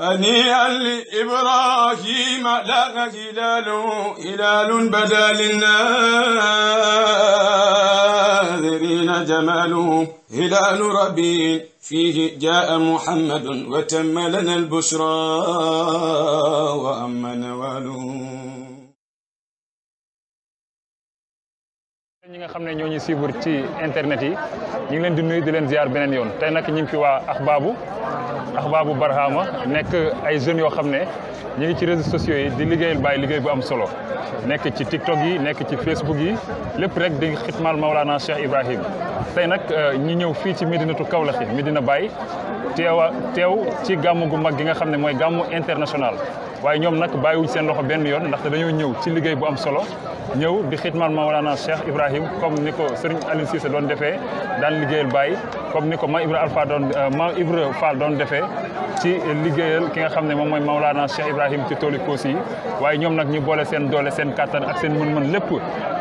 هنيئا لإبراهيم لا هلال هلال بدا للناذرين جماله هلال ربي فيه جاء محمد وتم لنا البشرى وأما نواله nga xam ne ñoo ñu suivre ci internet yi ñu ngi leen di nuyu di leen ziar beneen yoon tey nag ñu ngi fi waa Axbaabu Axbaabu Barhama nekk ay jeunes yoo xam ne ñu ngi ci réseaux sociaux yi di liggéeyal baay liggéey bu am solo nekk ci TikTok yi nekk ci Facebook yi lépp rek di xitmaal Maulana Cheikh Ibrahim tey nag euh, ñi ñëw fii ci Medinatu Kawlaxi Medina Baye teewa teew ci gàmm gu mag gi nga xam ne mooy gàmmu international waaye ñoom nag bàyyiwuñ seen loxo benn yoon ndaxte dañoo ñëw ci liggéey bu am solo ñëw di xitmaal Mawlana Cheikh Ibrahim comme ni ko Serigne Aline Cissé doon defee daan liggéeyal baay comme ni ko Maam Ibra Alpha doon euh, Maam Ibra Fall doon defee ci liggéeyal ki nga xam ne moom mooy Mawlana Cheikh Ibrahim ci tooli koos yi waaye ñoom nag ñu boole seen doole seen kattan ak seen mën-mën lépp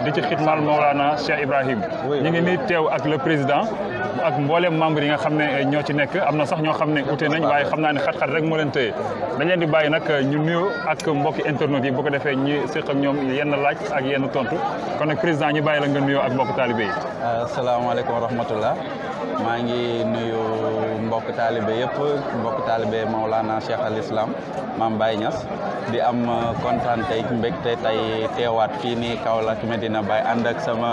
di ci xitmaal Mawlana Cheikh Ibrahim ñu ngi nii teew ak le président ak mbooleem membre yi nga xam ne ñoo ci nekk am na sax ñoo xam ne ute nañ waaye xam naa ne xat-xat rek moo leen tëye dañ di bàyyi nag ñu nuyu ak mbokki internet yi bu ko defee ñu séq ak ñoom yenn laaj ak yenn tontu kon nag président ñu bàyyi la nga nuyoo ak mbokk taalibe yi asalaamaaleykum euh, wa rahmatullah maa ngi nuyu mbokk taalibe yëpp mbokk taalibe Maulana Cheikh al Islam Maam Baye Niass di am euh, kontaan tey mbégte tey teewaat fii nii Kaolack Medina Baye ànd ak sama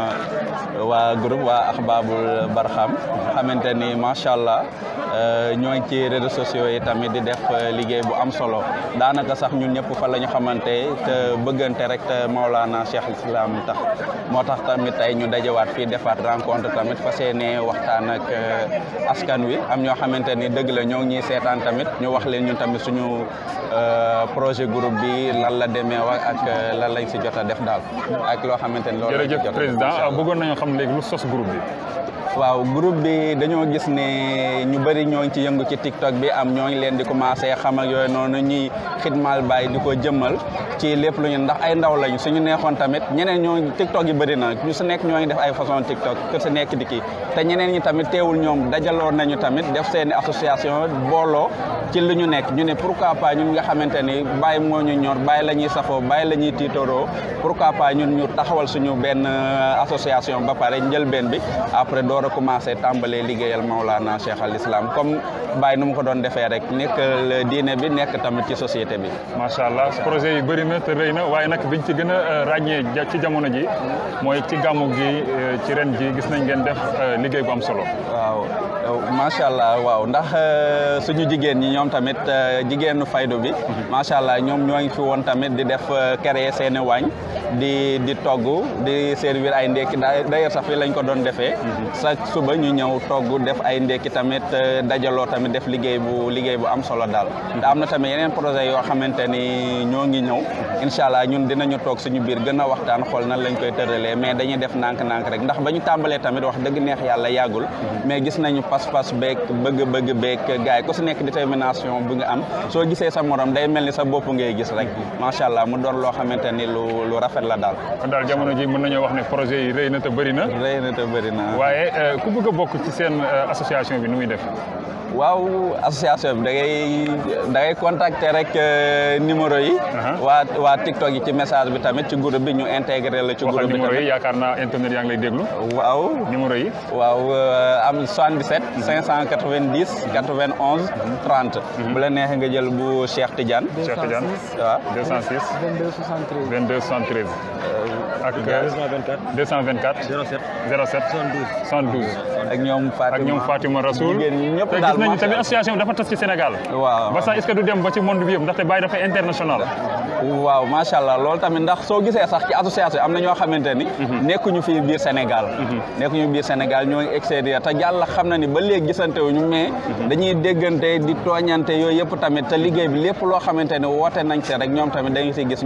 euh, waa groupe waa Ahbabul Barham nga xamante ni macha allah euh, ñoo ngi ci réseaux sociaux yi tamit di def euh, liggéey bu am solo daanaka sax ñun ñëpp fa la ñu xamante te bëggante rek te Maolana Cheikh Islam tax moo tax tamit tey ñu dajewaat fii defaat rencontre tamit fas yéene waxtaan ak euh, askan wi am ñoo xamante ni dëgg la ñoo ngi seetaan tamit ñu wax leen ñun tamit suñu. projet groupe bi lan la demee ak euh, lan lañ si jot def daal ak loo xamante ni loolu jërëjëf président ah, bëggoon nañoo xam léegi lu sos groupe bi waaw groupe bi dañoo gis ne ñu bëri ñoo ci yëngu ci TikTok bi am ñoo ngi leen di commencé xam ak yooyu noonu ñuy xidmaal bàyyi di ko jëmmal ci lép lu ñu ndax ay ndaw lañu suñu neexoon tamit ñeneen ñoo TikTok yi bëri na ñu su nekk ñoo ngi def ay façon TikTok ku su nekk di kii te ñeneen ñi tamit teewul ñoom dajaloo nañu tamit def seeni association booloo ci li mooy bàyyi moo ñu ñor bàyyi la ñuy safoo bàyyi la ñuy tiitoroo pourquoi pas ñun ñu taxawal suñu benn euh, association ba pare njëlbeen bi après door a commencé tàmbalee liggéeyal Maulana Cheikh al Islam comme bàyyi nu mu ko doon defee rek nekk diine bi nekk tamit ci société bi. macha allah projet yi bëri na te rëy na waaye nag ñu ci gën a euh, ràññee ci jamono ji mooy ci gàmmu gi euh, ci ren ji gis nañ ngeen def liggéey bu am solo. macha allah waaw ndax suñu jigéen ñi ñoom tamit jigéenu faydu bi. Mhm. macha allah ñoom ñoo ngi fi woon tamit di def créer euh, seeni waañ di di togg di servir ay ndekki d'ailleurs sax fii lañ ko doon defee chaque mhm. suba ñu ñëw togg def ay ndekki tamit euh, dajaloo tamit def liggéey bu liggéey bu am solo daal am na tamit yeneen projet yoo xamante ni ñoo ngi ñëw incha allah ñun dinañu toog suñu biir gën a waxtaan xool nan lañ koy tëralee mais dañuy def nànk-nànk rek ndax ba ñu tàmbalee tamit wax dëgg neex yàlla yàggul mhm. mais gis nañu pas-pas beeg bëgg-bëgg beeg gars ko si nekk détermination bu nga am soo gisee sa morom day mel ni sa bopp ngay gis rek macha allah mu doon loo xamante ni lu lu rafet la daal kon daal jamono ji mën nañoo wax ne projet yi rëy na te bëri na rëy na te bëri na waaye euh, ku bëgg a bokk ci seen euh, association bi nu muy def waaw association bi da ngay da ngay contacter rek euh, numéro yi. Uh-huh. waa waa TikTok yi ci message bi tamit ci groupe bi ñu intégré la. ci groupe bi tamit numéro yi yaakaar na internet yaa ngi lay déglu. waaw numéro yi. waaw am 77. 590 91 30. bu la neexee nga jël bu Cheikh Tidiane. Cheikh Tidiane 206 waaw 206 22 73 22 73 ak 224 224. 07 07. 72 72. ak ñoom Fatima ak ñoom Fatima Rasoul. daal te association bi dafa tas ci Sénégal. ba sax est du dem ba ci monde bi yëpp ndaxte Baye dafa international. waaw macha allah loolu tamit ndax soo gisee sax ci association am na ñoo xamante ni. Mhm. nekkuñu fii biir Sénégal. Mhm. nekkuñu biir Sénégal ñoo extérieur te yàlla xam na ni ba léegi gisante wuñu mhm. dañuy déggante di tooñante yooyu yëpp tamit te liggéey bi lépp loo xamante ni woote nañ si rek ñoom tamit dañu si gis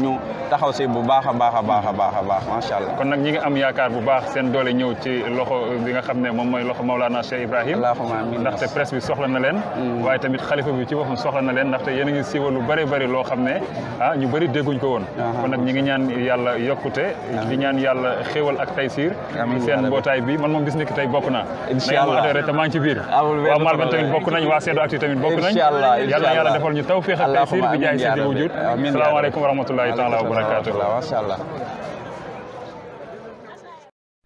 a a a a macha allah kon nag ñi ngi am yaakaar bu baax seen doole ñëw ci loxo bi nga xam ne moom mooy loxo Maulana Cheikh Ibrahim ndaxte presse bi soxla na leen mm. waaye tamit xalifa bi ci boppam soxla na leen ndaxte yéen a ngi siiwal lu bëri bëri loo xam ne ah ñu bëri dégguñ ko woon kon nag ñi ngi ñaan yàlla yokkute di ñaan yàlla xéewal ak taysiir seen mbootaay bi man moom bis niki tey bokk na adoré te maa ngi bokk nañ waa Seedo Actu tamit bokk nañ yàlla yàlla defal ñu tawfiix ak a bi jaay seen di wujud salaamaaleykum wa